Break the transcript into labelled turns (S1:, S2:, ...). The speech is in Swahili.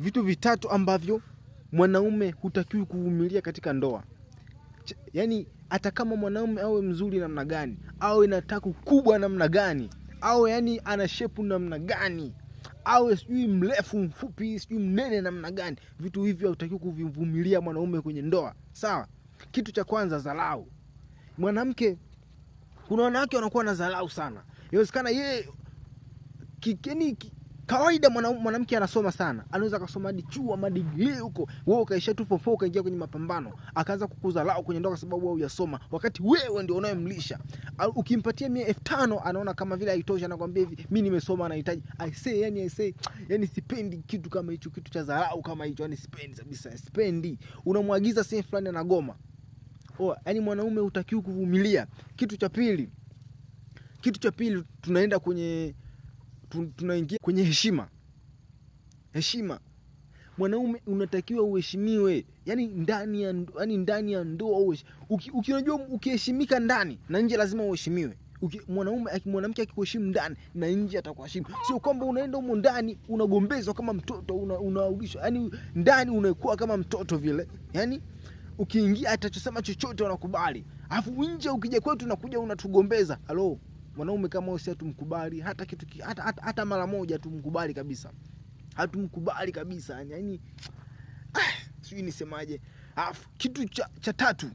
S1: vitu vitatu ambavyo mwanaume hutakiwi kuvumilia katika ndoa. yani hata kama mwanaume awe mzuri namna gani, awe na taku kubwa namna gani, awe yani ana shepu namna gani, awe sijui mrefu mfupi, sijui mnene namna gani, vitu hivyo hutakiwi kuvivumilia mwanaume kwenye ndoa, sawa? Kitu cha kwanza, dharau. Mwanamke, kuna wanawake wanakuwa na dharau sana. Inawezekana yeye kikeni Kawaida mwanamke anasoma sana, anaweza akasoma hadi chuo ama degree huko, wewe ukaisha tu fofo ukaingia kwenye mapambano, akaanza kukudharau kwenye ndoa kwa sababu wewe hujasoma, wakati wewe ndio unayemlisha. Ukimpatia mia elfu tano anaona kama vile haitoshi, anakwambia hivi, mimi nimesoma, nahitaji i say, yani i say, yani sipendi kitu kama hicho, kitu cha dharau kama hicho, yani sipendi kabisa, sipendi. Unamwagiza sehemu fulani anagoma. Oh, yani mwanaume hutakiwi kuvumilia. Kitu cha pili, kitu cha pili tunaenda kwenye tunaingia kwenye heshima. Heshima, mwanaume unatakiwa uheshimiwe, yani ndani ya yani ndani ya ndoa. uki, ukiheshimika ndani na nje, lazima uheshimiwe. Mwanaume mwanamke akikuheshimu ndani na nje atakuheshimu. Sio kwamba unaenda humo ndani unagombezwa kama mtoto unaulishwa, yani ndani unakuwa kama mtoto vile, yani ukiingia atachosema chochote wanakubali, afu nje ukija kwetu unakuja unatugombeza. Halo mwanaume kama wewe, hatumkubali hata kitu hata, hata, hata mara moja, hatumkubali kabisa, hatumkubali kabisa yani, ah, sijui nisemaje. Alafu kitu cha, cha tatu